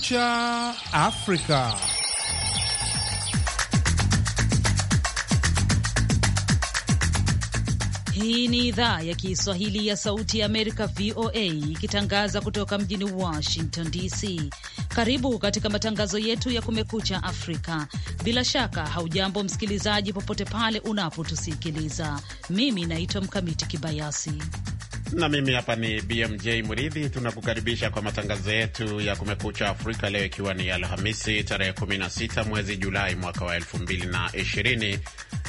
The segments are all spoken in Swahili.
Kumekucha Afrika. Hii ni idhaa ya Kiswahili ya Sauti ya Amerika, VOA, ikitangaza kutoka mjini Washington DC. Karibu katika matangazo yetu ya Kumekucha Afrika. Bila shaka haujambo msikilizaji, popote pale unapotusikiliza. Mimi naitwa Mkamiti Kibayasi na mimi hapa ni BMJ Muridhi. Tunakukaribisha kwa matangazo yetu ya Kumekucha Afrika leo, ikiwa ni Alhamisi tarehe 16 mwezi Julai mwaka wa 2020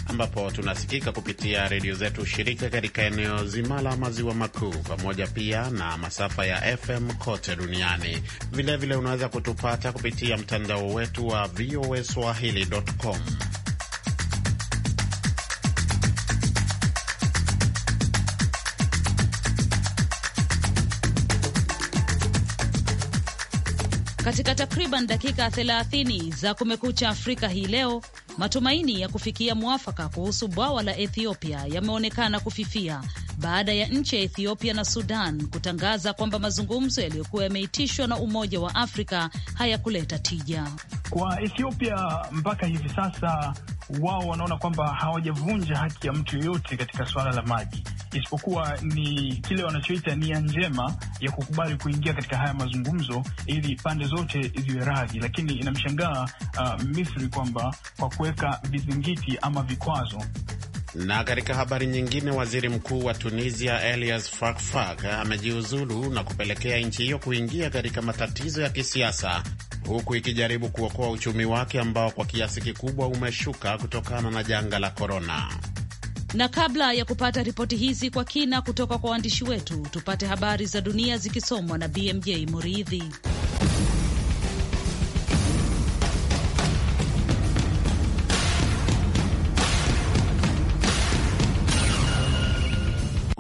ambapo tunasikika kupitia redio zetu shirika katika eneo zima la maziwa makuu pamoja pia na masafa ya FM kote duniani. Vilevile unaweza kutupata kupitia mtandao wetu wa swahili.com. Katika takriban dakika 30 za Kumekucha Afrika hii leo, matumaini ya kufikia mwafaka kuhusu bwawa la Ethiopia yameonekana kufifia baada ya nchi ya Ethiopia na Sudan kutangaza kwamba mazungumzo yaliyokuwa yameitishwa na Umoja wa Afrika hayakuleta tija kwa Ethiopia mpaka hivi sasa wao wanaona kwamba hawajavunja haki ya mtu yoyote katika suala la maji, isipokuwa ni kile wanachoita nia njema ya kukubali kuingia katika haya mazungumzo ili pande zote ziwe radhi. Lakini inamshangaa uh, Misri kwamba kwa kuweka vizingiti ama vikwazo na katika habari nyingine, waziri mkuu wa Tunisia Elias Fakhfakh amejiuzulu na kupelekea nchi hiyo kuingia katika matatizo ya kisiasa huku ikijaribu kuokoa uchumi wake ambao kwa kiasi kikubwa umeshuka kutokana na janga la korona. Na kabla ya kupata ripoti hizi kwa kina kutoka kwa waandishi wetu, tupate habari za dunia zikisomwa na BMJ Muridhi.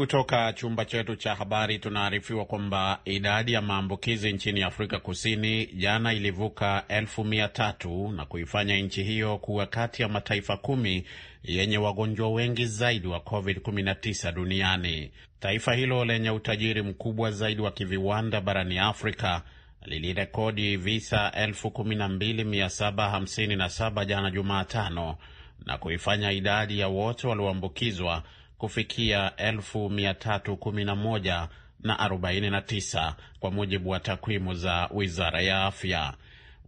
Kutoka chumba chetu cha habari tunaarifiwa kwamba idadi ya maambukizi nchini Afrika Kusini jana ilivuka elfu mia tatu na kuifanya nchi hiyo kuwa kati ya mataifa kumi yenye wagonjwa wengi zaidi wa COVID-19 duniani. Taifa hilo lenye utajiri mkubwa zaidi wa kiviwanda barani Afrika lilirekodi visa elfu kumi na mbili mia saba hamsini na saba jana Jumatano na kuifanya idadi ya wote walioambukizwa kufikia 1311 na 49 kwa mujibu wa takwimu za wizara ya afya.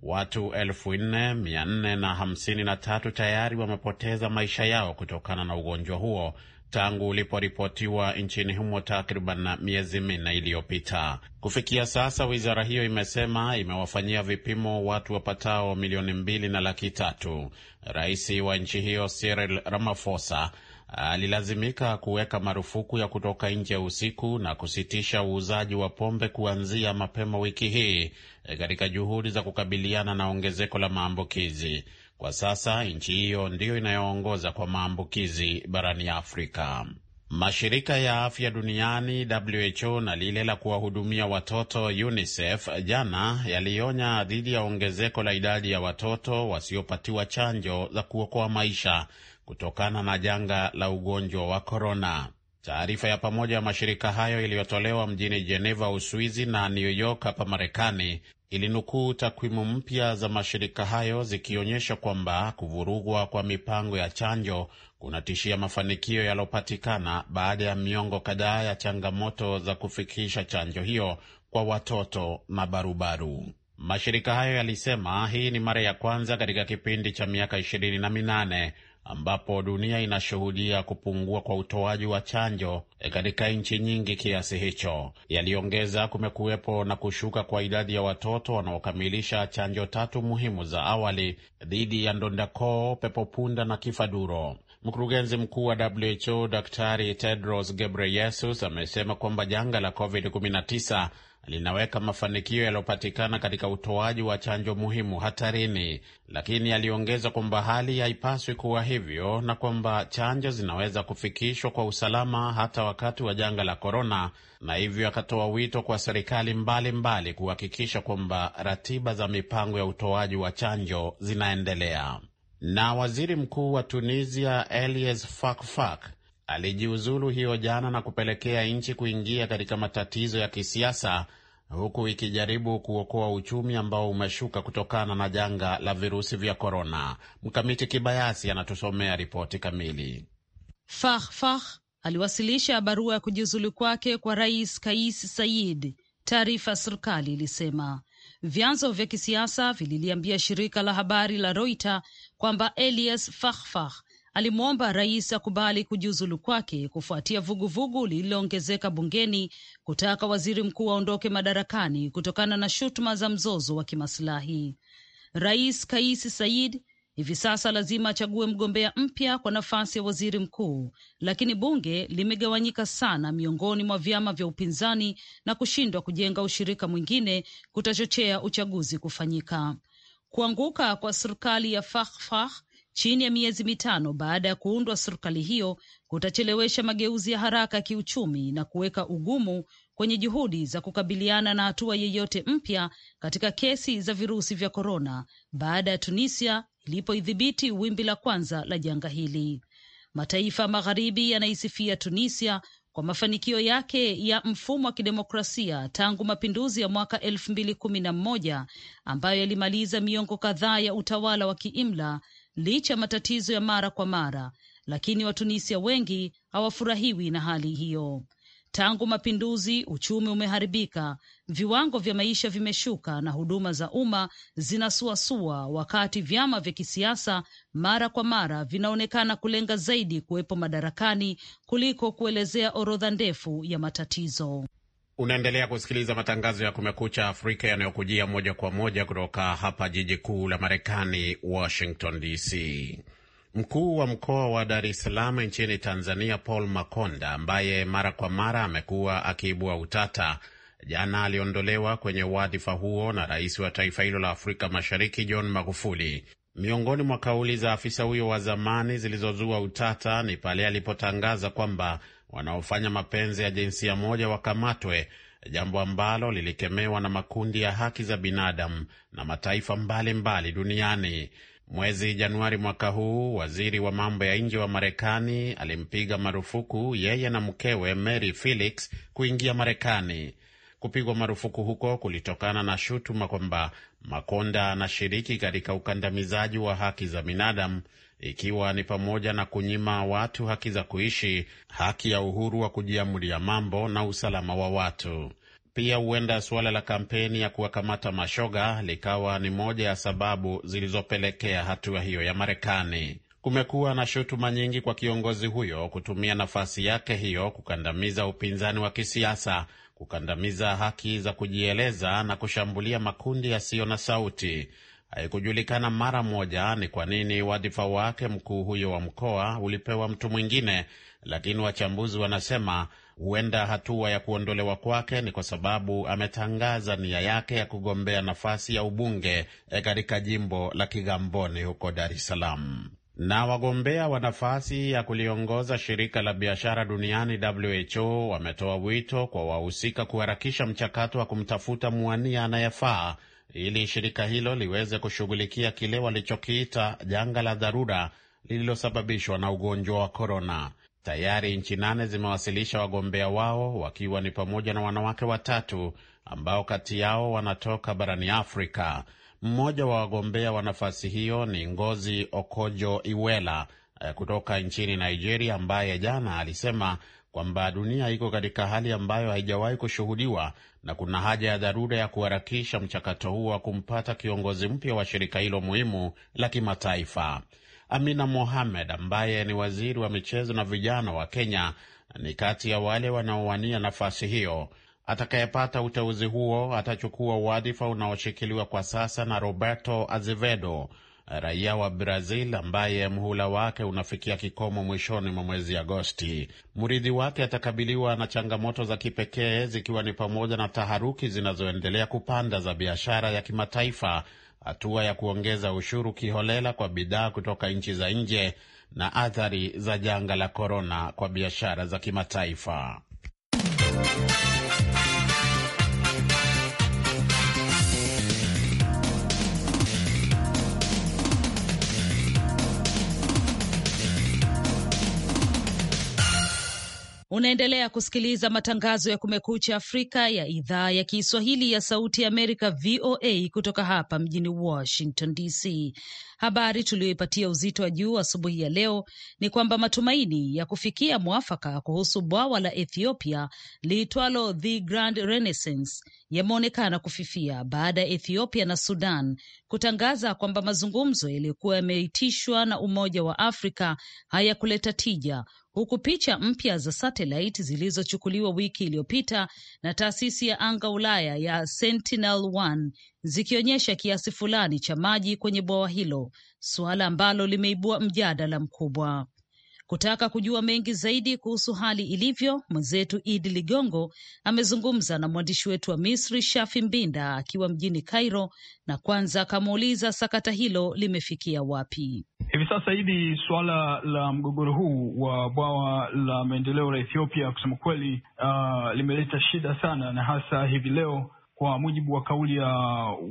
Watu 4453 tayari wamepoteza maisha yao kutokana na ugonjwa huo tangu uliporipotiwa nchini humo takriban miezi minne iliyopita. Kufikia sasa, wizara hiyo imesema imewafanyia vipimo watu wapatao milioni mbili na laki tatu. Rais wa nchi hiyo Cyril Ramaphosa alilazimika kuweka marufuku ya kutoka nje usiku na kusitisha uuzaji wa pombe kuanzia mapema wiki hii e, katika juhudi za kukabiliana na ongezeko la maambukizi. Kwa sasa nchi hiyo ndiyo inayoongoza kwa maambukizi barani Afrika. Mashirika ya afya duniani WHO na lile la kuwahudumia watoto UNICEF jana yalionya dhidi ya ongezeko la idadi ya watoto wasiopatiwa chanjo za kuokoa maisha kutokana na janga la ugonjwa wa korona. Taarifa ya pamoja ya mashirika hayo iliyotolewa mjini Jeneva, Uswizi na New York hapa Marekani ilinukuu takwimu mpya za mashirika hayo zikionyesha kwamba kuvurugwa kwa mipango ya chanjo kunatishia mafanikio yaliyopatikana baada ya miongo kadhaa ya changamoto za kufikisha chanjo hiyo kwa watoto na barubaru. Mashirika hayo yalisema hii ni mara ya kwanza katika kipindi cha miaka ishirini na minane ambapo dunia inashuhudia kupungua kwa utoaji wa chanjo eh, katika nchi nyingi kiasi hicho. Yaliongeza, kumekuwepo na kushuka kwa idadi ya watoto wanaokamilisha chanjo tatu muhimu za awali dhidi ya ndondakoo, pepopunda na kifaduro. Mkurugenzi mkuu wa WHO Daktari Tedros Gebreyesus amesema kwamba janga la COVID-19 linaweka mafanikio yaliyopatikana katika utoaji wa chanjo muhimu hatarini, lakini aliongeza kwamba hali haipaswi kuwa hivyo na kwamba chanjo zinaweza kufikishwa kwa usalama hata wakati wa janga la korona, na hivyo akatoa wito kwa serikali mbalimbali kuhakikisha kwamba ratiba za mipango ya utoaji wa chanjo zinaendelea. Na waziri mkuu wa Tunisia Elias Fakfak alijiuzulu hiyo jana na kupelekea nchi kuingia katika matatizo ya kisiasa huku ikijaribu kuokoa uchumi ambao umeshuka kutokana na janga la virusi vya korona. Mkamiti Kibayasi anatusomea ripoti kamili. Fakhfakh aliwasilisha barua ya kujiuzulu kwake kwa rais Kais Saied, taarifa ya serikali ilisema. Vyanzo vya kisiasa vililiambia shirika la habari la Reuters kwamba Elias Fakhfakh alimwomba rais akubali kujiuzulu kwake kufuatia vuguvugu lililoongezeka bungeni kutaka waziri mkuu aondoke madarakani kutokana na shutuma za mzozo wa kimasilahi. Rais Kais Said hivi sasa lazima achague mgombea mpya kwa nafasi ya waziri mkuu, lakini bunge limegawanyika sana miongoni mwa vyama vya upinzani na kushindwa kujenga ushirika mwingine kutachochea uchaguzi kufanyika. Kuanguka kwa serikali ya Fakhfakh chini ya miezi mitano baada ya kuundwa serikali hiyo kutachelewesha mageuzi ya haraka ya kiuchumi na kuweka ugumu kwenye juhudi za kukabiliana na hatua yeyote mpya katika kesi za virusi vya korona baada ya Tunisia ilipoidhibiti wimbi la kwanza la janga hili. Mataifa magharibi yanaisifia Tunisia kwa mafanikio yake ya mfumo wa kidemokrasia tangu mapinduzi ya mwaka elfu mbili kumi na moja ambayo yalimaliza miongo kadhaa ya utawala wa kiimla licha ya matatizo ya mara kwa mara, lakini Watunisia wengi hawafurahiwi na hali hiyo. Tangu mapinduzi, uchumi umeharibika, viwango vya maisha vimeshuka na huduma za umma zinasuasua, wakati vyama vya kisiasa mara kwa mara vinaonekana kulenga zaidi kuwepo madarakani kuliko kuelezea orodha ndefu ya matatizo. Unaendelea kusikiliza matangazo ya Kumekucha Afrika yanayokujia moja kwa moja kutoka hapa jiji kuu la Marekani, Washington DC. Mkuu wa mkoa wa Dar es Salaam nchini Tanzania, Paul Makonda, ambaye mara kwa mara amekuwa akiibua utata, jana aliondolewa kwenye wadhifa huo na rais wa taifa hilo la Afrika Mashariki John Magufuli. Miongoni mwa kauli za afisa huyo wa zamani zilizozua utata ni pale alipotangaza kwamba wanaofanya mapenzi ya jinsia moja wakamatwe, jambo ambalo lilikemewa na makundi ya haki za binadamu na mataifa mbalimbali mbali duniani. Mwezi Januari mwaka huu, waziri wa mambo ya nje wa Marekani alimpiga marufuku yeye na mkewe Mary Felix kuingia Marekani. Kupigwa marufuku huko kulitokana na shutuma kwamba Makonda anashiriki katika ukandamizaji wa haki za binadamu, ikiwa ni pamoja na kunyima watu haki za kuishi, haki ya uhuru wa kujiamulia mambo na usalama wa watu. Pia huenda suala la kampeni ya kuwakamata mashoga likawa ni moja ya sababu zilizopelekea hatua hiyo ya Marekani. Kumekuwa na shutuma nyingi kwa kiongozi huyo kutumia nafasi yake hiyo kukandamiza upinzani wa kisiasa, kukandamiza haki za kujieleza na kushambulia makundi yasiyo na sauti. Haikujulikana mara moja ni kwa nini wadhifa wake mkuu huyo wa mkoa ulipewa mtu mwingine, lakini wachambuzi wanasema Huenda hatua ya kuondolewa kwake ni kwa sababu ametangaza nia yake ya kugombea nafasi ya ubunge eh, katika jimbo la Kigamboni huko Dar es Salaam. Na wagombea wa nafasi ya kuliongoza shirika la biashara duniani WHO wametoa wito kwa wahusika kuharakisha mchakato wa kumtafuta mwania anayefaa ili shirika hilo liweze kushughulikia kile walichokiita janga la dharura lililosababishwa na ugonjwa wa korona. Tayari nchi nane zimewasilisha wagombea wao wakiwa ni pamoja na wanawake watatu ambao kati yao wanatoka barani Afrika. Mmoja wa wagombea wa nafasi hiyo ni Ngozi okojo iweala eh, kutoka nchini Nigeria, ambaye jana alisema kwamba dunia iko katika hali ambayo haijawahi kushuhudiwa na kuna haja ya dharura ya kuharakisha mchakato huo wa kumpata kiongozi mpya wa shirika hilo muhimu la kimataifa. Amina Mohamed ambaye ni waziri wa michezo na vijana wa Kenya ni kati ya wale wanaowania nafasi hiyo. Atakayepata uteuzi huo atachukua wadhifa unaoshikiliwa kwa sasa na Roberto Azevedo, raia wa Brazil ambaye mhula wake unafikia kikomo mwishoni mwa mwezi Agosti. Mrithi wake atakabiliwa na changamoto za kipekee zikiwa ni pamoja na taharuki zinazoendelea kupanda za biashara ya kimataifa hatua ya kuongeza ushuru kiholela kwa bidhaa kutoka nchi za nje na athari za janga la korona kwa biashara za kimataifa. Unaendelea kusikiliza matangazo ya Kumekucha Afrika ya idhaa ya Kiswahili ya Sauti ya Amerika, VOA, kutoka hapa mjini Washington DC. Habari tuliyoipatia uzito wa juu asubuhi ya leo ni kwamba matumaini ya kufikia mwafaka kuhusu bwawa la Ethiopia liitwalo The Grand Renaissance yameonekana kufifia baada ya Ethiopia na Sudan kutangaza kwamba mazungumzo yaliyokuwa yameitishwa na Umoja wa Afrika hayakuleta tija huku picha mpya za satelaiti zilizochukuliwa wiki iliyopita na taasisi ya anga Ulaya ya Sentinel-1 zikionyesha kiasi fulani cha maji kwenye bwawa hilo, suala ambalo limeibua mjadala mkubwa. Kutaka kujua mengi zaidi kuhusu hali ilivyo, mwenzetu Idi Ligongo amezungumza na mwandishi wetu wa Misri Shafi Mbinda akiwa mjini Cairo, na kwanza akamuuliza sakata hilo limefikia wapi hivi sasa. idi suala la mgogoro huu wa bwawa la maendeleo la Ethiopia kusema kweli, uh, limeleta shida sana, na hasa hivi leo kwa mujibu wa kauli ya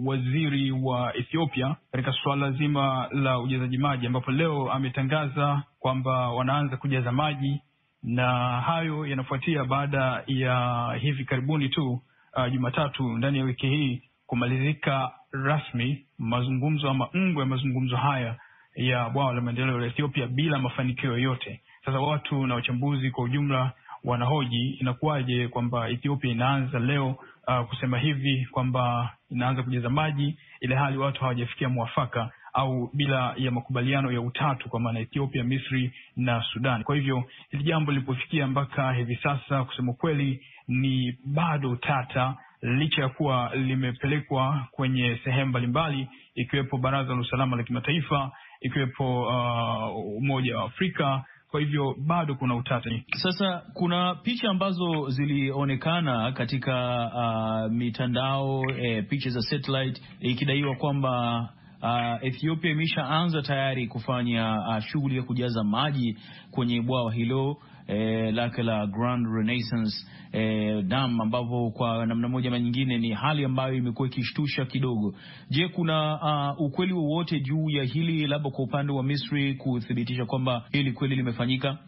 waziri wa Ethiopia katika suala zima la ujazaji maji, ambapo leo ametangaza kwamba wanaanza kujaza maji, na hayo yanafuatia baada ya hivi karibuni tu uh, Jumatatu ndani ya wiki hii kumalizika rasmi mazungumzo ama ngo ya mazungumzo haya ya bwawa la maendeleo la Ethiopia bila mafanikio yoyote. Sasa watu na wachambuzi kwa ujumla wanahoji inakuwaje kwamba Ethiopia inaanza leo uh, kusema hivi kwamba inaanza kujaza maji ile hali watu hawajafikia mwafaka au bila ya makubaliano ya utatu kwa maana Ethiopia, Misri na Sudan. Kwa hivyo hili jambo lilipofikia mpaka hivi sasa, kusema kweli, ni bado tata, licha ya kuwa limepelekwa kwenye sehemu mbalimbali, ikiwepo Baraza la Usalama la Kimataifa, ikiwepo uh, Umoja wa Afrika kwa hivyo bado kuna utata. Sasa kuna picha ambazo zilionekana katika uh, mitandao eh, picha za satellite ikidaiwa eh, kwamba Uh, Ethiopia imeshaanza tayari kufanya uh, shughuli ya kujaza maji kwenye bwawa hilo eh, lake la Grand Renaissance eh, Dam, ambapo kwa namna moja ama nyingine ni hali ambayo imekuwa ikishtusha kidogo. Je, kuna uh, ukweli wowote juu ya hili, labda kwa upande wa Misri kuthibitisha kwamba hili kweli limefanyika?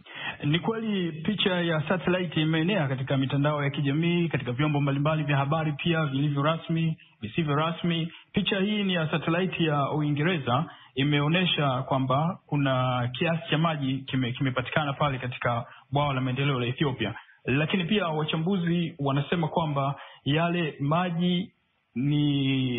Ni kweli picha ya satellite imeenea katika mitandao ya kijamii, katika vyombo mbalimbali vya habari, pia vilivyo rasmi, visivyo rasmi. Picha hii ni ya satellite ya Uingereza, imeonyesha kwamba kuna kiasi cha maji kimepatikana kime pale katika bwawa la maendeleo la Ethiopia. Lakini pia wachambuzi wanasema kwamba yale maji ni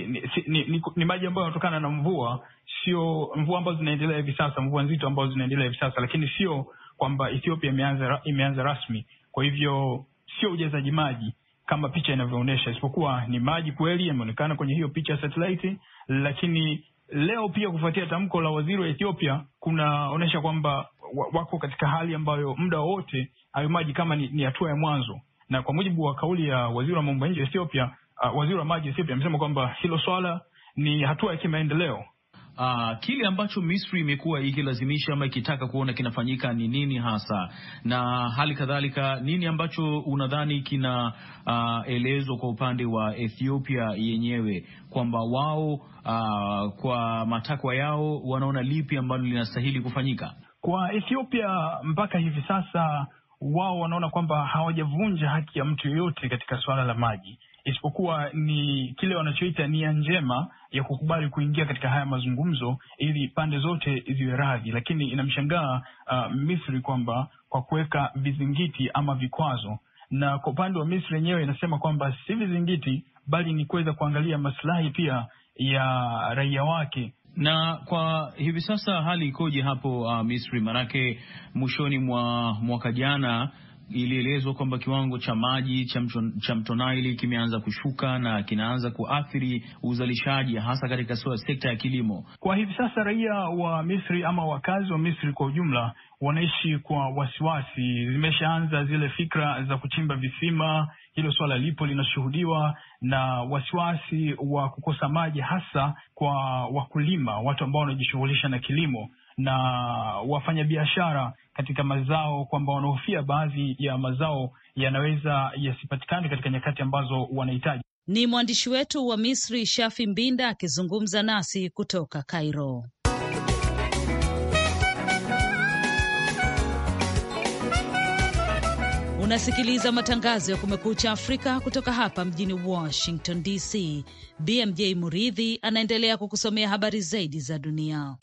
ni, ni, ni, ni maji ambayo yanatokana na mvua, sio mvua ambazo zinaendelea hivi sasa, mvua nzito ambazo zinaendelea hivi sasa, lakini sio kwamba Ethiopia imeanza imeanza rasmi. Kwa hivyo sio ujazaji maji kama picha inavyoonyesha, isipokuwa ni maji kweli yameonekana kwenye hiyo picha ya satellite. Lakini leo pia kufuatia tamko la waziri wa Ethiopia kunaonyesha kwamba wako katika hali ambayo muda wowote hayo maji kama ni hatua ya mwanzo, na kwa mujibu wa kauli ya waziri wa mambo ya nje Ethiopia, uh, waziri wa maji Ethiopia amesema kwamba hilo swala ni hatua ya kimaendeleo. Uh, kile ambacho Misri imekuwa ikilazimisha ama ikitaka kuona kinafanyika ni nini hasa, na hali kadhalika nini ambacho unadhani kinaelezwa ah, uh, kwa upande wa Ethiopia yenyewe kwamba wao uh, kwa matakwa yao wanaona lipi ambalo linastahili kufanyika? Kwa Ethiopia mpaka hivi sasa wao wanaona kwamba hawajavunja haki ya mtu yoyote katika suala la maji, isipokuwa ni kile wanachoita nia njema ya kukubali kuingia katika haya mazungumzo ili pande zote ziwe radhi. Lakini inamshangaa uh, Misri kwamba kwa kuweka vizingiti ama vikwazo, na kwa upande wa Misri yenyewe inasema kwamba si vizingiti, bali ni kuweza kuangalia masilahi pia ya raia wake na kwa hivi sasa hali ikoje hapo uh, Misri? Manake mwishoni mwa mwaka jana ilielezwa kwamba kiwango cha maji cha mto, cha mto Nile kimeanza kushuka na kinaanza kuathiri uzalishaji hasa katika sekta ya kilimo. Kwa hivi sasa raia wa Misri ama wakazi wa Misri kwa ujumla wanaishi kwa wasiwasi. Zimeshaanza zile fikra za kuchimba visima, hilo swala lipo linashuhudiwa, na wasiwasi wa kukosa maji, hasa kwa wakulima, watu ambao wanajishughulisha na kilimo na wafanyabiashara katika mazao, kwamba wanahofia baadhi ya mazao yanaweza yasipatikane katika nyakati ambazo wanahitaji. Ni mwandishi wetu wa Misri Shafi Mbinda akizungumza nasi kutoka Cairo. Unasikiliza matangazo ya Kumekucha Afrika kutoka hapa mjini Washington DC. BMJ Muridhi anaendelea kukusomea habari zaidi za dunia.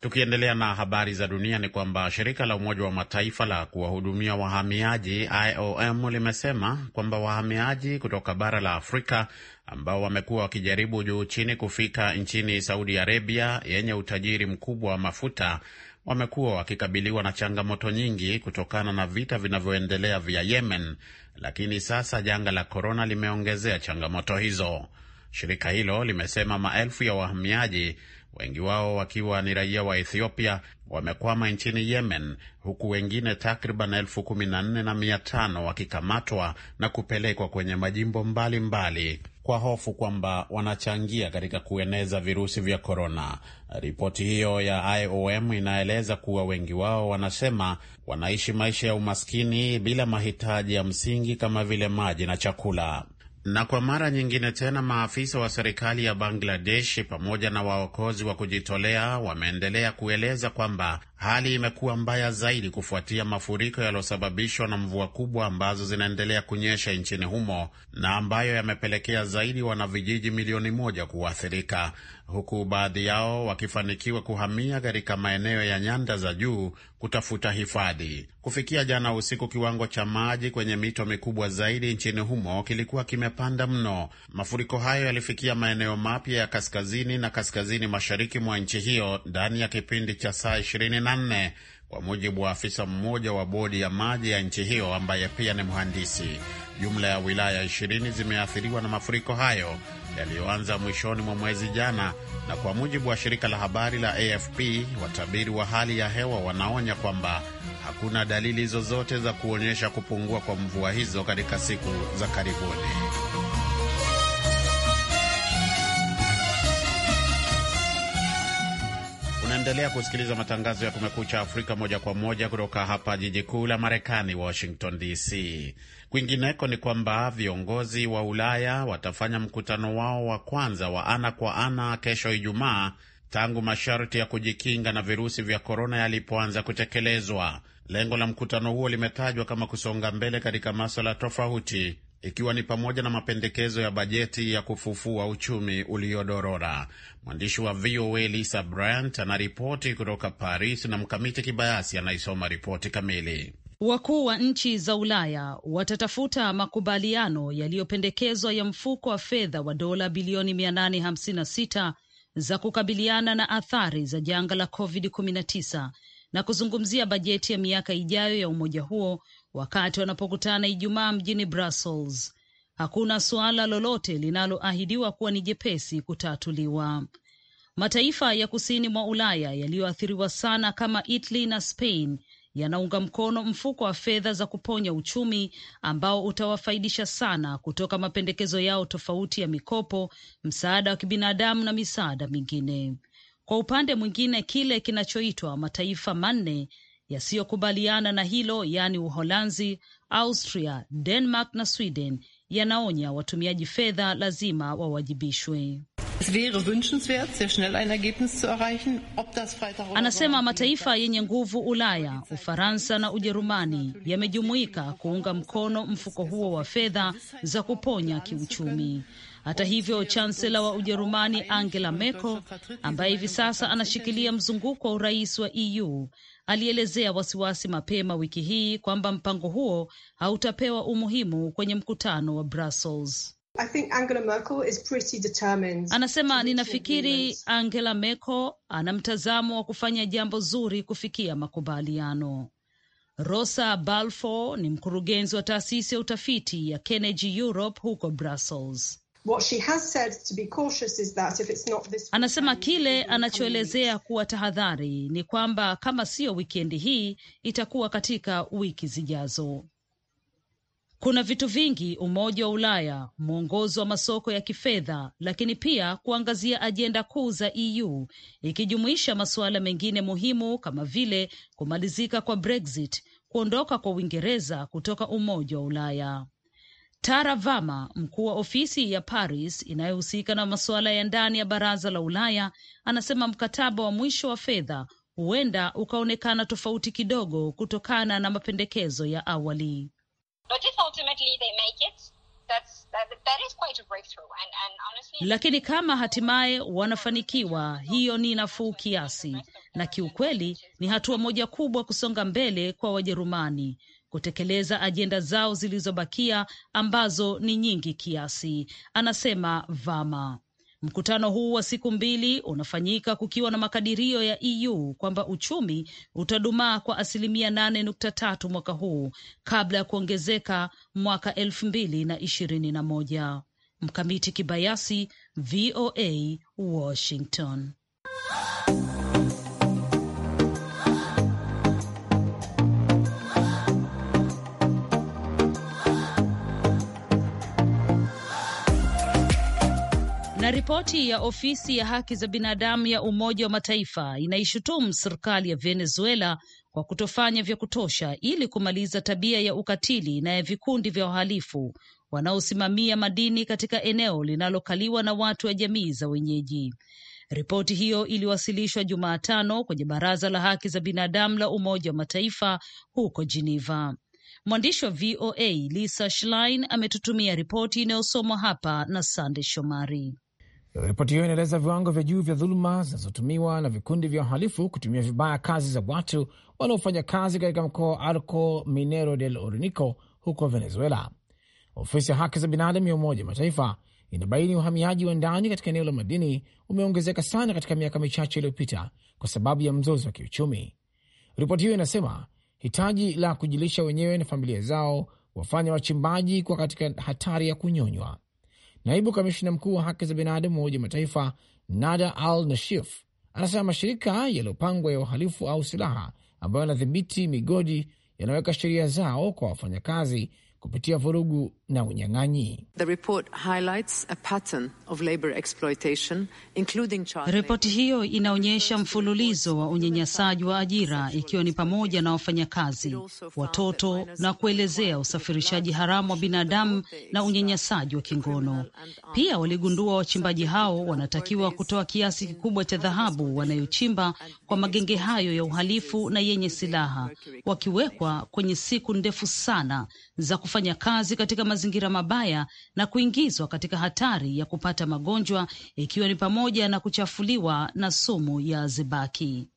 Tukiendelea na habari za dunia ni kwamba shirika la Umoja wa Mataifa la kuwahudumia wahamiaji IOM limesema kwamba wahamiaji kutoka bara la Afrika ambao wamekuwa wakijaribu juu chini kufika nchini Saudi Arabia yenye utajiri mkubwa wa mafuta wamekuwa wakikabiliwa na changamoto nyingi kutokana na vita vinavyoendelea vya Yemen, lakini sasa janga la korona limeongezea changamoto hizo. Shirika hilo limesema maelfu ya wahamiaji wengi wao wakiwa ni raia wa Ethiopia, wamekwama nchini Yemen, huku wengine takriban elfu kumi na nne na mia tano wakikamatwa na kupelekwa kwenye majimbo mbalimbali mbali, kwa hofu kwamba wanachangia katika kueneza virusi vya korona. Ripoti hiyo ya IOM inaeleza kuwa wengi wao wanasema wanaishi maisha ya umaskini bila mahitaji ya msingi kama vile maji na chakula. Na kwa mara nyingine tena maafisa wa serikali ya Bangladesh pamoja na waokozi wa kujitolea wameendelea kueleza kwamba Hali imekuwa mbaya zaidi kufuatia mafuriko yaliyosababishwa na mvua kubwa ambazo zinaendelea kunyesha nchini humo na ambayo yamepelekea zaidi wanavijiji milioni moja kuathirika, huku baadhi yao wakifanikiwa kuhamia katika maeneo ya nyanda za juu kutafuta hifadhi. Kufikia jana usiku, kiwango cha maji kwenye mito mikubwa zaidi nchini humo kilikuwa kimepanda mno. Mafuriko hayo yalifikia maeneo mapya ya kaskazini na kaskazini mashariki mwa nchi hiyo ndani ya kipindi cha saa nne kwa mujibu wa afisa mmoja wa bodi ya maji ya nchi hiyo ambaye pia ni mhandisi. Jumla ya wilaya ishirini zimeathiriwa na mafuriko hayo yaliyoanza mwishoni mwa mwezi jana, na kwa mujibu wa shirika la habari la AFP, watabiri wa hali ya hewa wanaonya kwamba hakuna dalili zozote za kuonyesha kupungua kwa mvua hizo katika siku za karibuni. Unaendelea kusikiliza matangazo ya Kumekucha Afrika moja kwa moja kutoka hapa jiji kuu la Marekani, Washington DC. Kwingineko ni kwamba viongozi wa Ulaya watafanya mkutano wao wa kwanza wa ana kwa ana kesho Ijumaa tangu masharti ya kujikinga na virusi vya korona yalipoanza kutekelezwa. Lengo la mkutano huo limetajwa kama kusonga mbele katika maswala tofauti ikiwa ni pamoja na mapendekezo ya bajeti ya kufufua uchumi uliodorora. Mwandishi wa VOA Lisa Bryant anaripoti kutoka Paris na Mkamiti Kibayasi anaisoma ripoti kamili. Wakuu wa nchi za Ulaya watatafuta makubaliano yaliyopendekezwa ya mfuko wa fedha wa dola bilioni 856 za kukabiliana na athari za janga la COVID-19 na kuzungumzia bajeti ya miaka ijayo ya umoja huo wakati wanapokutana Ijumaa mjini Brussels. Hakuna suala lolote linaloahidiwa kuwa ni jepesi kutatuliwa. Mataifa ya kusini mwa Ulaya yaliyoathiriwa sana kama Italy na Spain yanaunga mkono mfuko wa fedha za kuponya uchumi ambao utawafaidisha sana kutoka mapendekezo yao tofauti ya mikopo, msaada wa kibinadamu na misaada mingine. Kwa upande mwingine, kile kinachoitwa mataifa manne yasiyokubaliana na hilo yaani Uholanzi, Austria, Denmark na Sweden yanaonya watumiaji fedha lazima wawajibishwe. Anasema mataifa yenye nguvu Ulaya, Ufaransa na Ujerumani yamejumuika kuunga mkono mfuko huo wa fedha za kuponya kiuchumi. Hata hivyo, chansela wa Ujerumani Angela Merkel, ambaye hivi sasa anashikilia mzunguko wa urais wa EU, alielezea wasiwasi mapema wiki hii kwamba mpango huo hautapewa umuhimu kwenye mkutano wa Brussels. I think Angela Merkel is pretty determined. Anasema ninafikiri Angela Merkel ana mtazamo wa kufanya jambo zuri kufikia makubaliano. Rosa Balfour ni mkurugenzi wa taasisi ya utafiti ya Carnegie Europe huko Brussels. What she has said to be cautious is that if it's not this... Anasema kile anachoelezea kuwa tahadhari ni kwamba kama siyo wikendi hii itakuwa katika wiki zijazo. Kuna vitu vingi Umoja wa Ulaya, mwongozo wa masoko ya kifedha, lakini pia kuangazia ajenda kuu za EU ikijumuisha masuala mengine muhimu kama vile kumalizika kwa Brexit, kuondoka kwa Uingereza kutoka Umoja wa Ulaya. Tara Vama, mkuu wa ofisi ya Paris inayohusika na masuala ya ndani ya Baraza la Ulaya, anasema mkataba wa mwisho wa fedha huenda ukaonekana tofauti kidogo kutokana na mapendekezo ya awali. Lakini kama hatimaye wanafanikiwa, hiyo ni nafuu kiasi, na kiukweli ni hatua moja kubwa kusonga mbele kwa Wajerumani kutekeleza ajenda zao zilizobakia ambazo ni nyingi kiasi, anasema Vama. Mkutano huu wa siku mbili unafanyika kukiwa na makadirio ya EU kwamba uchumi utadumaa kwa asilimia nane nukta tatu mwaka huu kabla ya kuongezeka mwaka elfu mbili na ishirini na moja. Mkamiti Kibayasi, VOA, Washington. ripoti ya ofisi ya haki za binadamu ya Umoja wa Mataifa inaishutumu serikali ya Venezuela kwa kutofanya vya kutosha ili kumaliza tabia ya ukatili na ya vikundi vya wahalifu wanaosimamia madini katika eneo linalokaliwa na watu wa jamii za wenyeji. Ripoti hiyo iliwasilishwa Jumatano kwenye Baraza la Haki za Binadamu la Umoja wa Mataifa huko Geneva. Mwandishi wa VOA Lisa Schlein ametutumia ripoti inayosomwa hapa na Sande Shomari. Ripoti hiyo inaeleza viwango vya juu vya dhuluma zinazotumiwa na vikundi vya uhalifu kutumia vibaya kazi za watu wanaofanya kazi katika mkoa wa Arco Minero del orinico huko Venezuela. Ofisi ya haki za binadamu ya Umoja Mataifa inabaini uhamiaji wa ndani katika eneo la madini umeongezeka sana katika miaka michache iliyopita kwa sababu ya mzozo wa kiuchumi. Ripoti hiyo inasema hitaji la kujilisha wenyewe na familia zao wafanya wachimbaji kwa katika hatari ya kunyonywa. Naibu kamishina mkuu wa haki za binadamu wa Umoja wa Mataifa Nada Al Nashif anasema mashirika yaliyopangwa ya uhalifu au silaha ambayo yanadhibiti migodi yanaweka sheria zao kwa wafanyakazi kupitia vurugu na unyang'anyi. Ripoti hiyo inaonyesha mfululizo wa unyanyasaji wa ajira, ikiwa ni pamoja na wafanyakazi, watoto na kuelezea usafirishaji haramu wa binadamu na unyanyasaji wa kingono. Pia waligundua wachimbaji hao wanatakiwa kutoa kiasi kikubwa cha dhahabu wanayochimba kwa magenge hayo ya uhalifu na yenye silaha, wakiwekwa kwenye siku ndefu sana za kufanya kazi katika mazingira mabaya na kuingizwa katika hatari ya kupata magonjwa ikiwa ni pamoja na kuchafuliwa na sumu ya zebaki.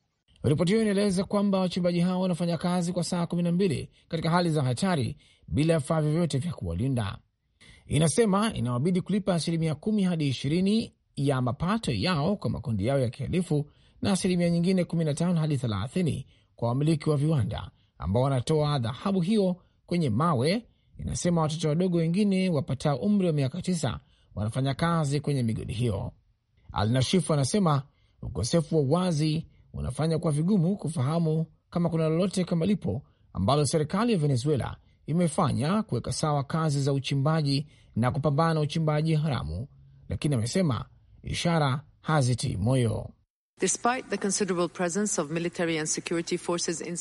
Ripoti hiyo inaeleza kwamba wachimbaji hao wanafanya kazi kwa saa kumi na mbili katika hali za hatari bila vifaa vyovyote vya kuwalinda. Inasema inawabidi kulipa asilimia kumi hadi ishirini ya mapato yao kwa makundi yao ya kihalifu na asilimia nyingine 15 hadi 30 kwa wamiliki wa viwanda ambao wanatoa dhahabu hiyo kwenye mawe inasema watoto wadogo wengine wapatao umri wa miaka tisa wanafanya kazi kwenye migodi hiyo. Alnashifu anasema ukosefu wa uwazi unafanya kwa vigumu kufahamu kama kuna lolote kama lipo ambalo serikali ya Venezuela imefanya kuweka sawa kazi za uchimbaji na kupambana na uchimbaji haramu, lakini amesema ishara hazitii moyo.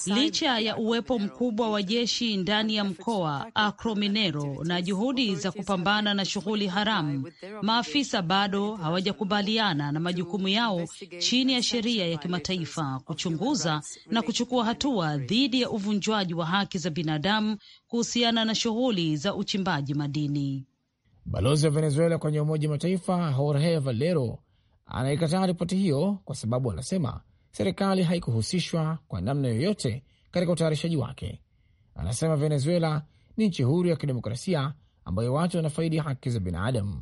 Licha ya uwepo mkubwa wa jeshi ndani ya mkoa Acrominero na juhudi za kupambana na shughuli haramu, maafisa bado hawajakubaliana na majukumu yao chini ya sheria ya kimataifa kuchunguza na kuchukua hatua dhidi ya uvunjwaji wa haki za binadamu kuhusiana na shughuli za uchimbaji madini. Balozi wa Venezuela kwenye Umoja Mataifa Jorge Valero anaikataa ripoti hiyo kwa sababu anasema serikali haikuhusishwa kwa namna yoyote katika utayarishaji wake. Anasema Venezuela ni nchi huru ya kidemokrasia ambayo watu wanafaidi haki za binadamu.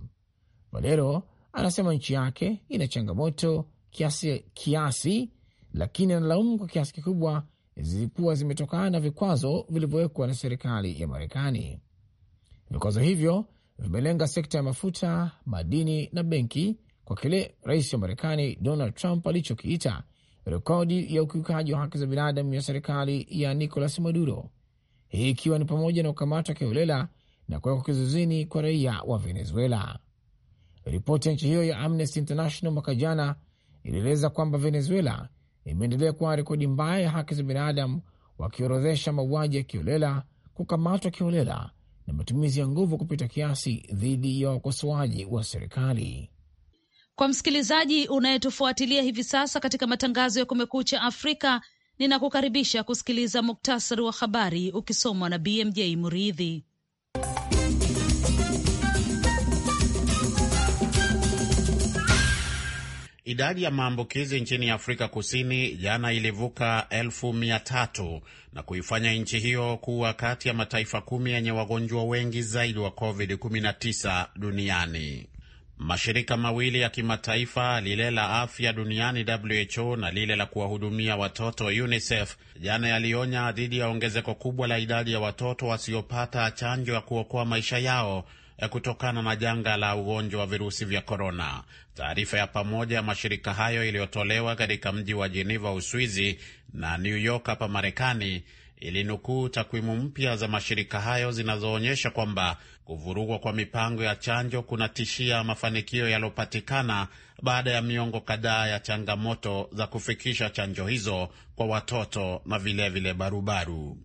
Valero anasema nchi yake ina changamoto kiasi, kiasi lakini analaumu kwa kiasi kikubwa zilikuwa zimetokana na vikwazo vilivyowekwa na serikali ya Marekani. Vikwazo hivyo vimelenga sekta ya mafuta, madini na benki kwa kile rais wa Marekani Donald Trump alichokiita rekodi ya ukiukaji wa haki za binadamu ya serikali ya Nicolas Maduro, hii ikiwa ni pamoja na kukamatwa kiholela na kuwekwa kizuizini kwa raia wa Venezuela. Ripoti ya nchi hiyo ya Amnesty International mwaka jana ilieleza kwamba Venezuela imeendelea kuwa rekodi mbaya ya haki za binadamu, wakiorodhesha mauaji ya kiholela, kukamatwa kiholela na matumizi ya nguvu kupita kiasi dhidi ya wakosoaji wa serikali. Kwa msikilizaji unayetufuatilia hivi sasa katika matangazo ya Kumekucha Afrika, ninakukaribisha kusikiliza muktasari wa habari ukisomwa na BMJ Muridhi. Idadi ya maambukizi nchini Afrika Kusini jana ilivuka elfu mia tatu na kuifanya nchi hiyo kuwa kati ya mataifa kumi yenye wagonjwa wengi zaidi wa COVID-19 duniani. Mashirika mawili ya kimataifa, lile la afya duniani WHO na lile la kuwahudumia watoto UNICEF, jana yalionya dhidi ya ongezeko kubwa la idadi ya watoto wasiopata chanjo ya kuokoa maisha yao eh, kutokana na janga la ugonjwa wa virusi vya korona. Taarifa ya pamoja ya mashirika hayo iliyotolewa katika mji wa Jeneva, Uswizi na New York hapa Marekani ilinukuu takwimu mpya za mashirika hayo zinazoonyesha kwamba Kuvurugwa kwa mipango ya chanjo kunatishia mafanikio yaliyopatikana baada ya miongo kadhaa ya changamoto za kufikisha chanjo hizo kwa watoto na vilevile barubaru.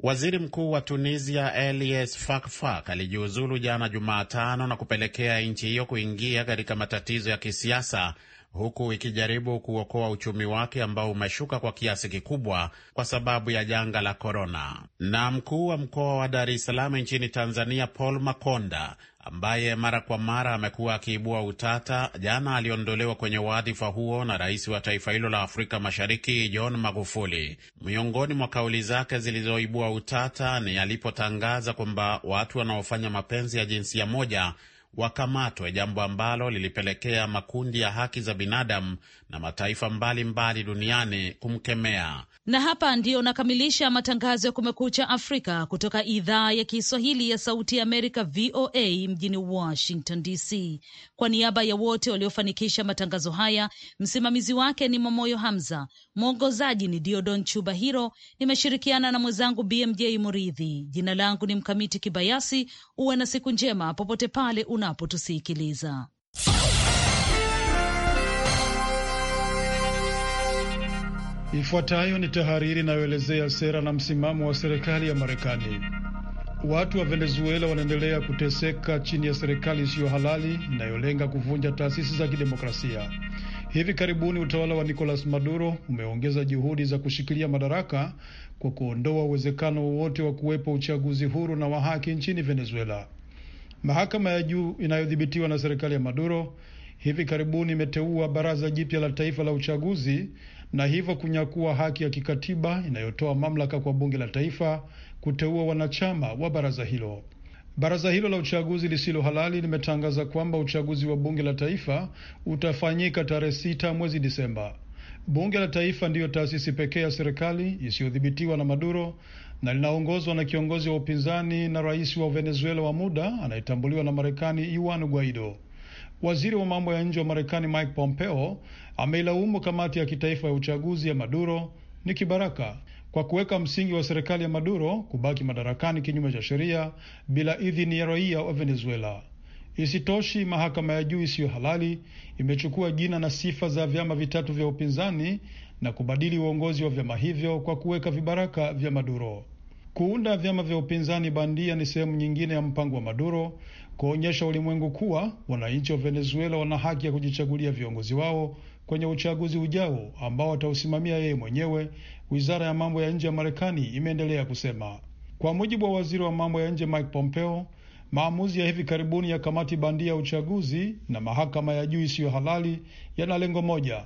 Waziri Mkuu wa Tunisia Elies Fakfak alijiuzulu jana Jumatano na kupelekea nchi hiyo kuingia katika matatizo ya kisiasa huku ikijaribu kuokoa uchumi wake ambao umeshuka kwa kiasi kikubwa kwa sababu ya janga la korona. Na mkuu wa mkoa wa Dar es Salaam nchini Tanzania, Paul Makonda, ambaye mara kwa mara amekuwa akiibua utata, jana aliondolewa kwenye wadhifa huo na rais wa taifa hilo la Afrika Mashariki John Magufuli. Miongoni mwa kauli zake zilizoibua utata ni alipotangaza kwamba watu wanaofanya mapenzi ya jinsia moja wakamatwe, jambo ambalo lilipelekea makundi ya haki za binadamu na mataifa mbalimbali mbali duniani kumkemea na hapa ndiyo nakamilisha matangazo ya Kumekucha Afrika kutoka idhaa ya Kiswahili ya Sauti ya Amerika, VOA mjini Washington DC. Kwa niaba ya wote waliofanikisha matangazo haya, msimamizi wake ni Momoyo Hamza, mwongozaji ni Diodon Chuba Hiro, nimeshirikiana na mwenzangu BMJ Muridhi. Jina langu ni Mkamiti Kibayasi. Uwe na siku njema popote pale unapotusikiliza. Ifuatayo ni tahariri inayoelezea sera na msimamo wa serikali ya Marekani. Watu wa Venezuela wanaendelea kuteseka chini ya serikali isiyo halali inayolenga kuvunja taasisi za kidemokrasia. Hivi karibuni utawala wa Nicolas Maduro umeongeza juhudi za kushikilia madaraka kwa kuondoa uwezekano wowote wa kuwepo uchaguzi huru na wa haki nchini Venezuela. Mahakama ya juu inayodhibitiwa na serikali ya Maduro hivi karibuni imeteua baraza jipya la taifa la uchaguzi na hivyo kunyakua haki ya kikatiba inayotoa mamlaka kwa bunge la taifa kuteua wanachama wa baraza hilo. Baraza hilo la uchaguzi lisilo halali limetangaza kwamba uchaguzi wa bunge la taifa utafanyika tarehe sita mwezi Disemba. Bunge la taifa ndiyo taasisi pekee ya serikali isiyodhibitiwa na Maduro na linaongozwa na kiongozi wa upinzani na rais wa Venezuela wa muda anayetambuliwa na Marekani Juan Guaido. Waziri wa mambo ya nje wa Marekani Mike Pompeo ameilaumu kamati ya kitaifa ya uchaguzi ya Maduro ni kibaraka kwa kuweka msingi wa serikali ya Maduro kubaki madarakani kinyume cha sheria bila idhini ya raia wa Venezuela. Isitoshi, mahakama ya juu isiyo halali imechukua jina na sifa za vyama vitatu vya upinzani na kubadili uongozi wa vyama hivyo kwa kuweka vibaraka vya Maduro. Kuunda vyama vya upinzani bandia ni sehemu nyingine ya mpango wa Maduro kuonyesha ulimwengu kuwa wananchi wa Venezuela wana haki ya kujichagulia viongozi wao kwenye uchaguzi ujao ambao watausimamia yeye mwenyewe. Wizara ya mambo ya nje ya Marekani imeendelea kusema, kwa mujibu wa waziri wa mambo ya nje Mike Pompeo, maamuzi ya hivi karibuni ya kamati bandia ya uchaguzi na mahakama ya juu isiyo halali yana lengo moja,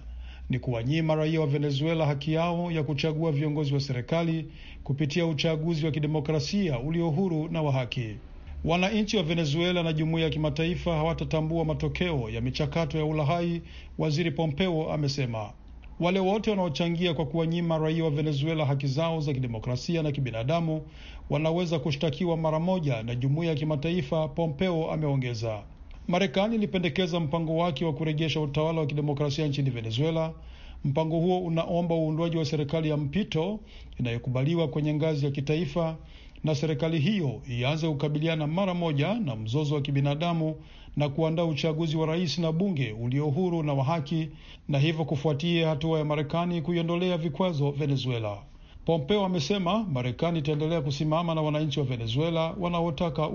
ni kuwanyima raia wa Venezuela haki yao ya kuchagua viongozi wa serikali kupitia uchaguzi wa kidemokrasia ulio huru na wa haki. Wananchi wa Venezuela na jumuiya ya kimataifa hawatatambua matokeo ya michakato ya ulahai, waziri Pompeo amesema. Wale wote wanaochangia kwa kuwanyima raia wa Venezuela haki zao za kidemokrasia na kibinadamu wanaweza kushtakiwa mara moja na jumuiya ya kimataifa, Pompeo ameongeza. Marekani ilipendekeza mpango wake wa kurejesha utawala wa kidemokrasia nchini Venezuela. Mpango huo unaomba uundwaji wa serikali ya mpito inayokubaliwa kwenye ngazi ya kitaifa na serikali hiyo ianze kukabiliana mara moja na mzozo wa kibinadamu na kuandaa uchaguzi wa rais na bunge ulio huru na wa haki, na hivyo kufuatia hatua ya Marekani kuiondolea vikwazo Venezuela. Pompeo amesema Marekani itaendelea kusimama na wananchi wa Venezuela wanaotaka